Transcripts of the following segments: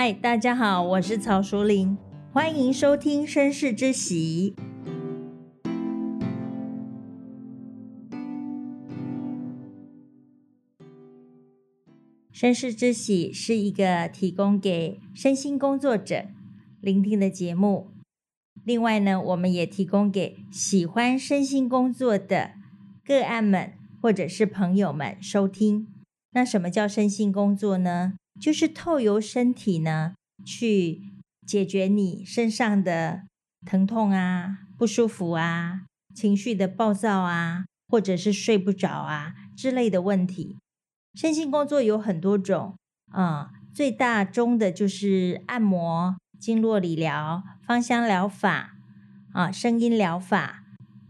嗨，大家好，我是曹淑玲，歡迎收聽《紳士之喜》。《紳士之喜》是一個提供給身心工作者聆聽的節目，另外呢，我們也提供給喜歡身心工作的個案們或者是朋友們收聽。那什麼叫身心工作呢？就是透由身體呢，去解決你身上的疼痛啊、不舒服啊、情緒的暴躁啊，或者是睡不着啊之類的問題。身心工作有很多種，啊、呃，最大宗的就是按摩、經絡理療、芳香療法啊、呃、聲音療法，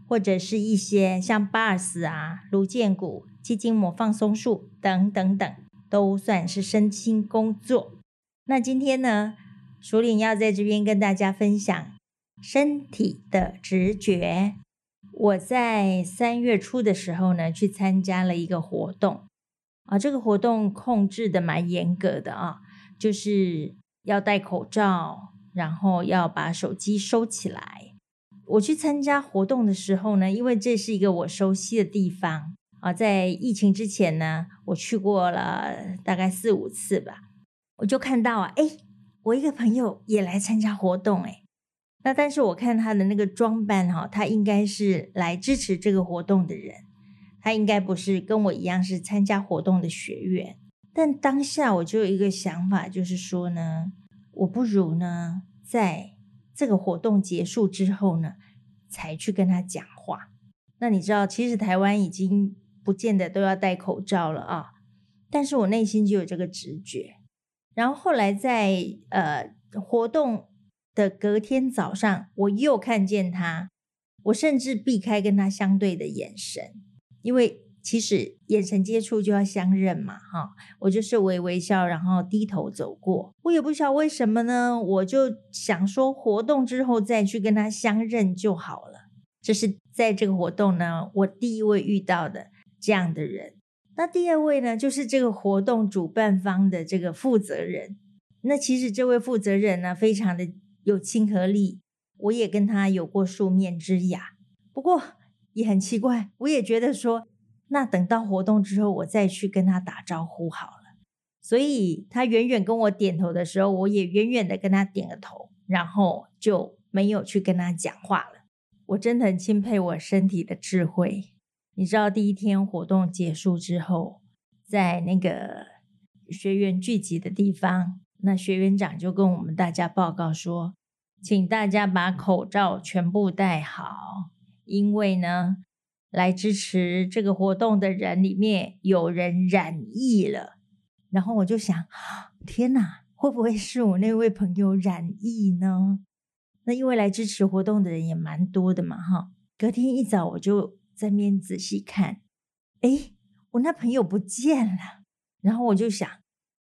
或者是一些像 Bars 啊、顱薦骨、肌筋膜放鬆術等等等。都算是身心工作。那今天呢，首領要在這邊跟大家分享身體的直覺。我在三月初的時候呢，去參加了一個活動啊，這個活動控制的蠻嚴格的啊，就是要戴口罩，然後要把手機收起來。我去參加活動的時候呢，因為這是一個我熟悉的地方。啊，在疫情之前呢，我去過了大概四五次吧，我就看到啊，誒，我一個朋友也來參加活動，誒，那但是我看他的那個裝扮哈、哦，他應該是來支持這個活動的人，他應該不是跟我一樣是參加活動的學員。但當下我就有一個想法，就是說呢，我不如呢，在這個活動結束之後呢，才去跟他講話。那你知道，其實台灣已經。不見得都要戴口罩了啊，但是我內心就有這個直覺。然後後來在呃活動的隔天早上，我又看見他，我甚至避開跟他相對的眼神，因為其實眼神接觸就要相認嘛，哈、哦！我就是微微笑，然後低頭走過。我也不曉得為什麼呢，我就想說活動之後再去跟他相認就好了。這、就是在這個活動呢，我第一位遇到的。這樣的人，那第二位呢，就是這個活動主辦方的這個負責人。那其實這位負責人呢，非常的有親和力，我也跟他有過數面之雅。不過也很奇怪，我也覺得說，那等到活動之後，我再去跟他打招呼好了。所以他遠遠跟我點頭的時候，我也遠遠的跟他點個頭，然後就沒有去跟他講話了。我真的很欽佩我身體的智慧。你知道第一天活動結束之後，在那個學員聚集的地方，那學員長就跟我們大家報告說，請大家把口罩全部戴好，因為呢，來支持這個活動的人裡面有人染疫了。然後我就想，天哪，會不會是我那位朋友染疫呢？那因為來支持活動的人也蠻多的嘛，哈。隔天一早我就。在面仔細看，誒，我那朋友不見了。然後我就想，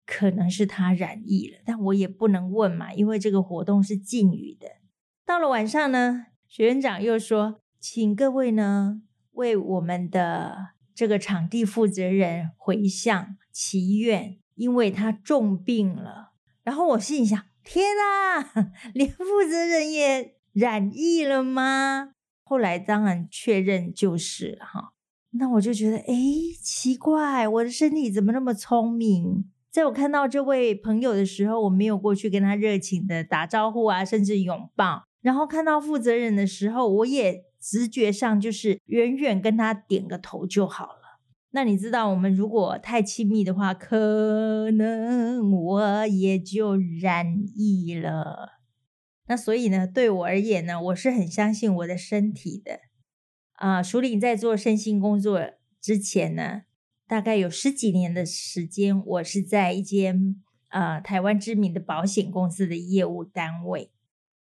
可能是他染疫了，但我也不能問嘛，因為這個活動是禁語的。到了晚上呢，學院長又說，請各位呢，為我們的這個場地負責人回向祈願，因為他重病了。然後我心想，天啊，連負責人也染疫了嗎？後來當然確認就是哈，那我就覺得誒，奇怪，我的身體怎麼那麼聰明？在我看到這位朋友的時候，我沒有過去跟他熱情地打招呼啊，甚至擁抱。然後看到負責人的時候，我也直覺上就是遠遠跟他點個頭就好了。那你知道，我們如果太親密的話，可能我也就染疫了。那所以呢，對我而言呢，我是很相信我的身體的啊、呃。舒玲在做身心工作之前呢，大概有十幾年的時間，我是在一間呃台灣知名的保險公司的業務單位。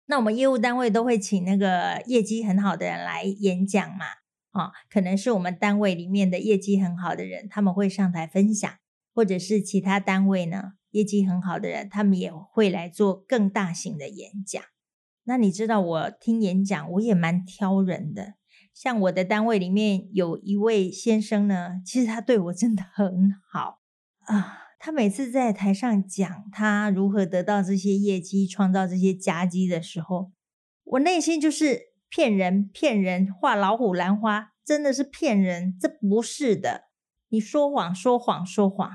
那我們業務單位都會請那個業績很好的人來演講嘛，啊、哦，可能是我們單位裡面的業績很好的人，他們會上台分享，或者是其他單位呢。業績很好的人，他們也會來做更大型的演講。那你知道，我聽演講我也蠻挑人的。像我的單位裡面有一位先生呢，其實他對我真的很好啊。他每次在台上講他如何得到這些業績、創造這些佳績的時候，我內心就是騙人、騙人、畫老虎、蘭花，真的是騙人，這不是的，你說謊、說謊、說謊。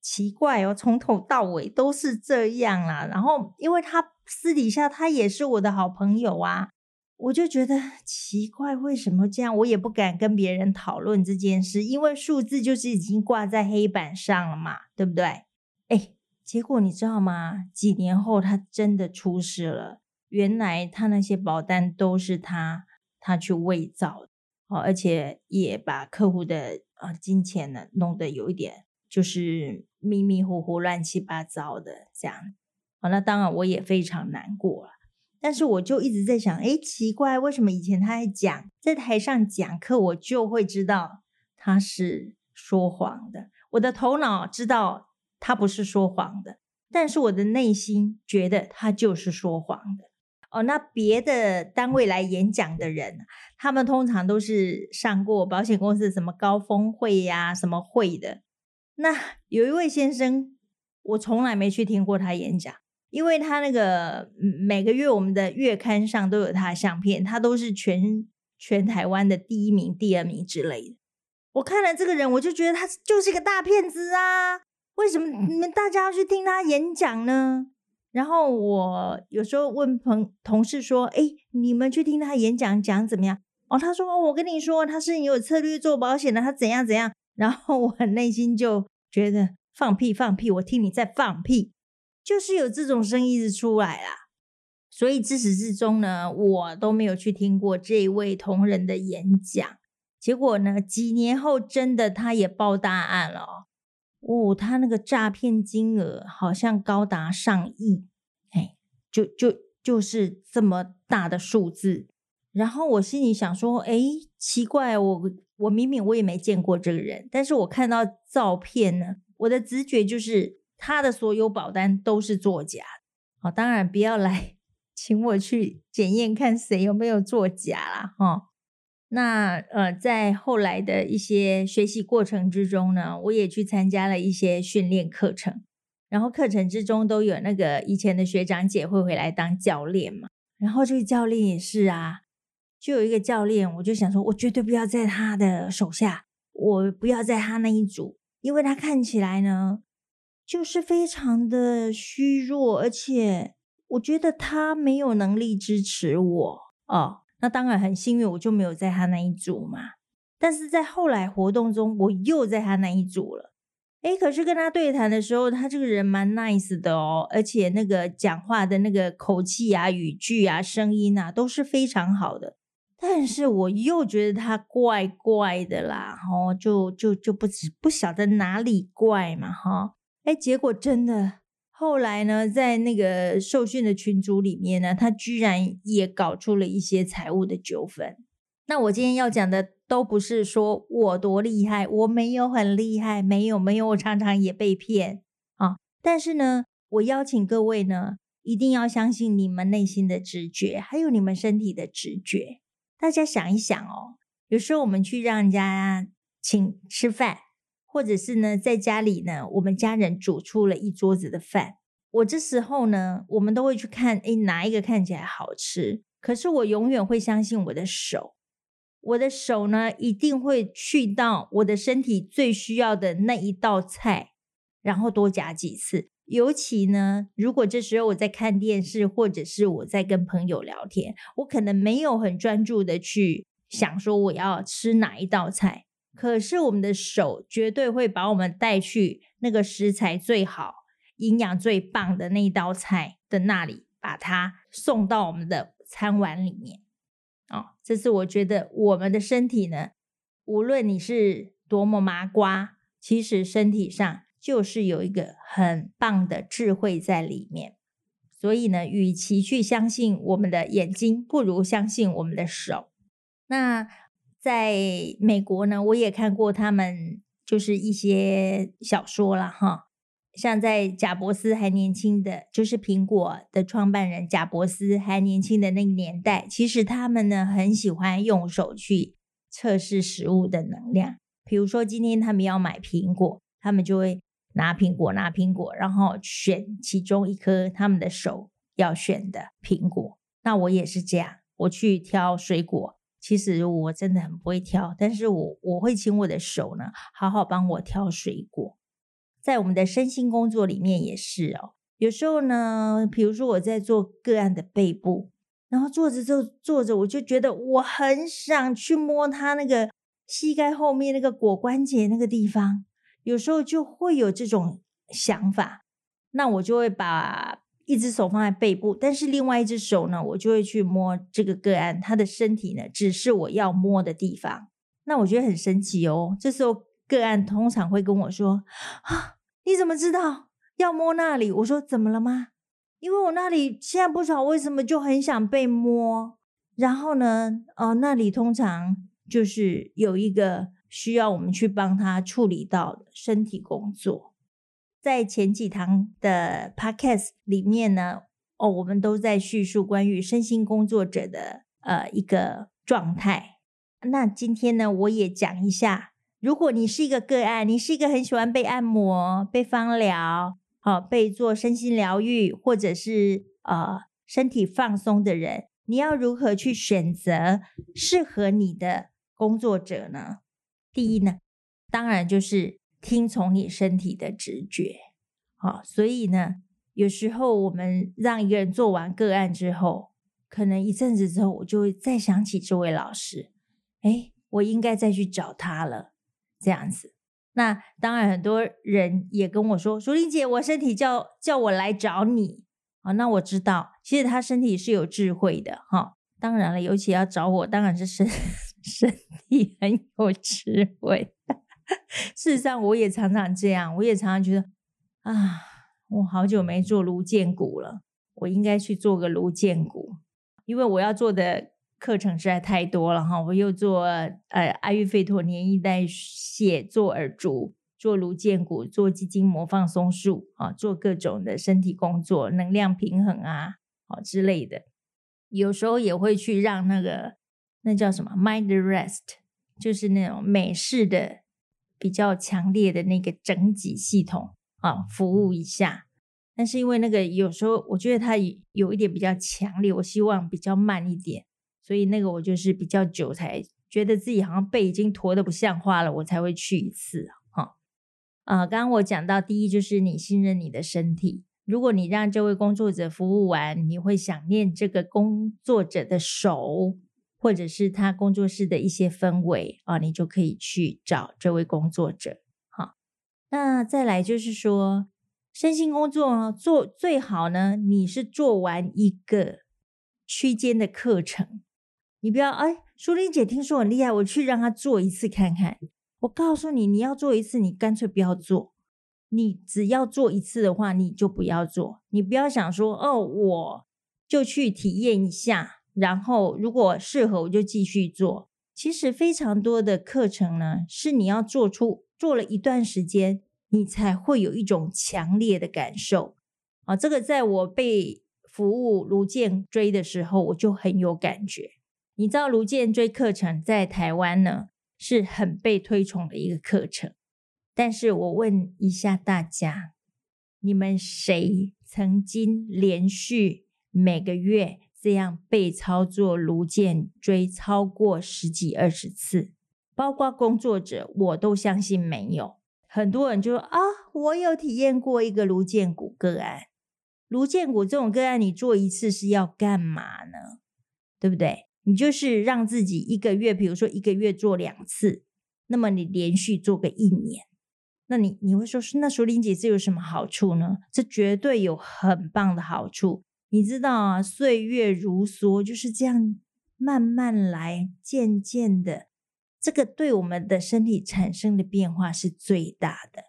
奇怪哦，從頭到尾都是這樣啊。然後，因為他私底下他也是我的好朋友啊，我就覺得奇怪，為什麼這樣？我也不敢跟別人討論這件事，因為數字就是已經掛在黑板上了嘛，對不對？哎，結果你知道嗎？幾年後他真的出事了。原來他那些保單都是他他去偽造的，哦，而且也把客戶的啊、哦、金錢呢弄得有一點就是。迷迷糊糊，亂七八糟的這樣，哦，那當然我也非常難過啊，但是我就一直在想，誒，奇怪，為什麼以前他還講，在台上講課，我就會知道他是說謊的。我的頭腦知道他不是說謊的，但是我的內心覺得他就是說謊的。哦，那別的單位來演講的人，他們通常都是上過保險公司什麼高峰會呀啊，什麼會的。那有一位先生，我從來沒去聽過他演講，因為他那個每個月我們的月刊上都有他的相片，他都是全全台灣的第一名、第二名之類的。我看了這個人，我就覺得他就是一個大騙子啊！為什麼你們大家要去聽他演講呢？然後我有時候問朋同事說：“誒，你們去聽他演講，講怎麼樣？”哦，他說：“哦，我跟你說，他是有策略做保險的，他怎樣怎樣。”然後我內心就覺得放屁放屁，我聽你在放屁，就是有這種聲音出來啦。所以自始至終呢，我都沒有去聽過這一位同仁的演講。結果呢，幾年後真的他也爆大案了哦，哦，他那個詐騙金額好像高達上億，哎，就就就是這麼大的數字。然後我心裡想說，哎，奇怪，我。我明明我也沒見過這個人，但是我看到照片呢，我的直覺就是他的所有保單都是作假。好、哦，當然不要來請我去檢驗看誰有沒有作假啦，哈、哦。那呃，在後來的一些學習過程之中呢，我也去參加了一些訓練課程，然後課程之中都有那個以前的學長姐會回來當教練嘛，然後這個教練也是啊。就有一個教練，我就想說，我絕對不要在他的手下，我不要在他那一組，因為他看起來呢，就是非常的虛弱，而且我覺得他沒有能力支持我。哦，那當然很幸運，我就沒有在他那一組嘛。但是在後來活動中，我又在他那一組了。誒，可是跟他對談的時候，他這個人蠻 nice 的哦，而且那個講話的那個口氣啊、語句啊、聲音啊，都是非常好的。但是我又覺得他怪怪的啦，然後、哦、就就就不知不曉得哪裡怪嘛哈，哎、哦，結果真的後來呢，在那個受訓的群組裡面呢，他居然也搞出了一些財務的糾紛。那我今天要講的都不是說我多厲害，我沒有很厲害，沒有沒有，我常常也被騙啊、哦。但是呢，我邀請各位呢，一定要相信你們內心的直覺，還有你們身體的直覺。大家想一想哦，有時候我們去讓人家請吃飯，或者是呢，在家裡呢，我們家人煮出了一桌子的飯，我這時候呢，我們都會去看，誒，哪一個看起來好吃？可是我永遠會相信我的手，我的手呢，一定會去到我的身體最需要的那一道菜，然後多夾幾次。尤其呢，如果這時候我在看電視，或者是我在跟朋友聊天，我可能沒有很專注的去想說我要吃哪一道菜。可是我們的手絕對會把我們帶去那個食材最好、營養最棒的那一道菜的那裡，把它送到我們的餐碗裡面。哦，這是我覺得我們的身體呢，無論你是多麼麻瓜，其實身體上。就是有一個很棒的智慧在裡面，所以呢，與其去相信我們的眼睛，不如相信我們的手。那在美國呢，我也看過他們就是一些小說啦哈，像在賈伯斯還年輕的，就是蘋果的創辦人賈伯斯還年輕的那個年代，其實他們呢很喜歡用手去測試食物的能量，比如說今天他們要買蘋果，他們就會。拿蘋果，拿蘋果，然後選其中一顆，他們的手要選的蘋果。那我也是這樣，我去挑水果。其實我真的很不會挑，但是我我會請我的手呢，好好幫我挑水果。在我們的身心工作裡面也是哦。有時候呢，比如說我在做個案的背部，然後坐着坐着坐着，我就覺得我很想去摸他那個膝蓋後面那個果關節那個地方。有時候就會有這種想法，那我就會把一只手放在背部，但是另外一只手呢，我就會去摸這個個案他的身體呢，只是我要摸的地方。那我覺得很神奇哦。這時候個案通常會跟我說：“啊，你怎麼知道要摸那裡？”我說：“怎麼了嗎？因為我那裡現在不知道為什麼就很想被摸。”然後呢，哦、啊，那裡通常就是有一個。需要我們去幫他處理到的身體工作，在前幾堂的 podcast 裡面呢，哦，我們都在敘述關於身心工作者的呃一個狀態。那今天呢，我也講一下，如果你是一個個案，你是一個很喜歡被按摩、被芳療、好、呃、被做身心療癒或者是呃身體放鬆的人，你要如何去選擇適合你的工作者呢？第一呢，當然就是聽從你身體的直覺，好、哦，所以呢，有時候我們讓一個人做完個案之後，可能一陣子之後，我就會再想起這位老師，哎，我應該再去找他了，這樣子。那當然，很多人也跟我說，竹林姐，我身體叫叫我來找你啊、哦。那我知道，其實他身體是有智慧的，哈、哦。當然了，尤其要找我，當然是身。身體很有智慧， 事實上，我也常常這樣，我也常常覺得啊，我好久沒做顱薦骨了，我應該去做個顱薦骨，因為我要做的課程實在太多了哈。我又做呃阿育吠陀、年疫代謝，做耳燭，做顱薦骨，做肌筋膜放鬆術啊，做各種的身體工作、能量平衡啊，好之類的，有時候也會去讓那個。那叫什麼？Mind the rest，就是那種美式的比較強烈的那個整脊系統啊，服務一下。但是因為那個有時候我覺得它有一點比較強烈，我希望比較慢一點，所以那個我就是比較久才覺得自己好像背已經駝得不像話了，我才會去一次啊,啊，剛剛我講到第一就是你信任你的身體，如果你讓這位工作者服務完，你會想念這個工作者的手。或者是他工作室的一些氛圍啊，你就可以去找這位工作者。好，那再來就是說，身心工作做最好呢，你是做完一個區間的課程，你不要，哎，淑玲姐聽說很厲害，我去讓她做一次看看。我告訴你，你要做一次，你乾脆不要做。你只要做一次的話，你就不要做。你不要想說，哦，我就去體驗一下。然後，如果適合，我就繼續做。其實非常多的課程呢，是你要做出，做了一段時間，你才會有一種強烈的感受。啊，這個在我被服務盧建追的時候，我就很有感覺。你知道盧建追課程在台灣呢，是很被推崇的一個課程，但是我問一下大家，你們誰曾經連續每個月？這樣被操作顱薦椎超過十幾二十次，包括工作者，我都相信沒有。很多人就說啊、哦，我有體驗過一個顱薦骨個案。顱薦骨這種個案，你做一次是要幹嘛呢？對不對？你就是讓自己一個月，比如說一個月做兩次，那麼你連續做個一年，那你你會說是那淑玲姐這有什麼好處呢？這絕對有很棒的好處。你知道啊，歲月如梭，就是這樣慢慢來，漸漸的，這個對我們的身體產生的變化是最大的，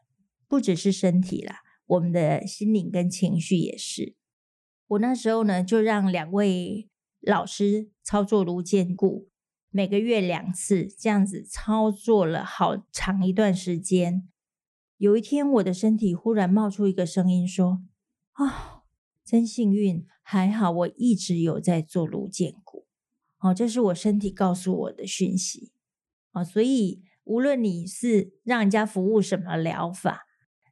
不只是身體啦，我們的心靈跟情緒也是。我那時候呢，就讓兩位老師操作顱薦骨，每個月兩次，這樣子操作了好長一段時間。有一天，我的身體忽然冒出一個聲音說：“啊、哦。”真幸運，還好我一直有在做顱薦骨，哦，這是我身體告訴我的訊息，啊、哦，所以無論你是讓人家服務什麼療法，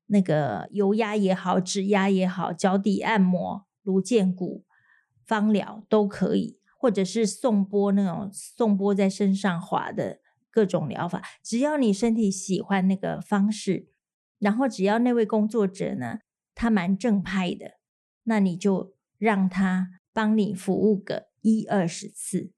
那個油壓也好，指壓也好，腳底按摩、顱薦骨、芳療都可以，或者是頌缽那種頌缽在身上滑的各種療法，只要你身體喜歡那個方式，然後只要那位工作者呢，他蠻正派的。那你就讓他幫你服務個一二十次，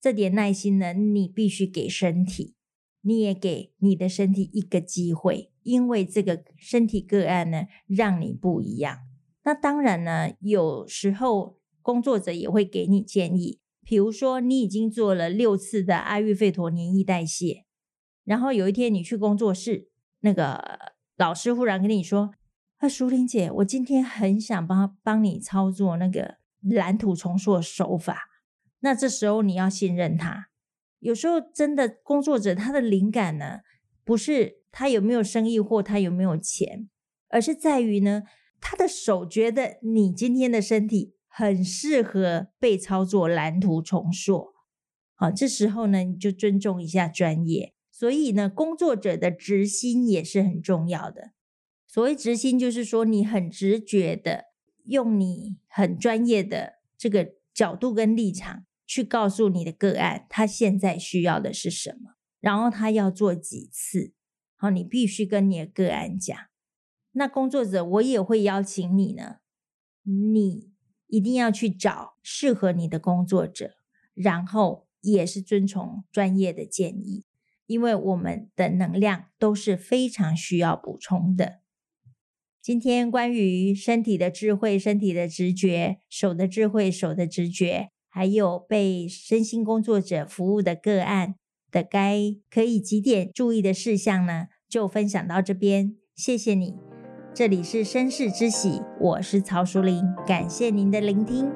這點耐心呢，你必須給身體，你也給你的身體一個機會，因為這個身體個案呢，讓你不一樣。那當然呢，有時候工作者也會給你建議，比如說你已經做了六次的阿育吠陀黏液代謝，然後有一天你去工作室，那個老師忽然跟你說。啊，淑玲姐，我今天很想幫幫你操作那個藍圖重塑手法。那這時候你要信任他。有時候真的工作者，他的靈感呢，不是他有沒有生意或他有沒有錢，而是在於呢，他的手覺得你今天的身體很適合被操作藍圖重塑。啊，這時候呢，你就尊重一下專業。所以呢，工作者的執行也是很重要的。所謂執行，就是說你很直覺的用你很專業的這個角度跟立場去告訴你的個案，他現在需要的是什麼，然後他要做幾次，好，你必須跟你的個案講。那工作者，我也會邀請你呢，你一定要去找適合你的工作者，然後也是遵從專業的建議，因為我們的能量都是非常需要補充的。今天關於身體的智慧、身體的直覺、手的智慧、手的直覺，還有被身心工作者服務的個案，的該可以幾點注意的事項呢？就分享到這邊，謝謝你。這裡是紳士之喜，我是曹淑玲，感謝您的聆聽。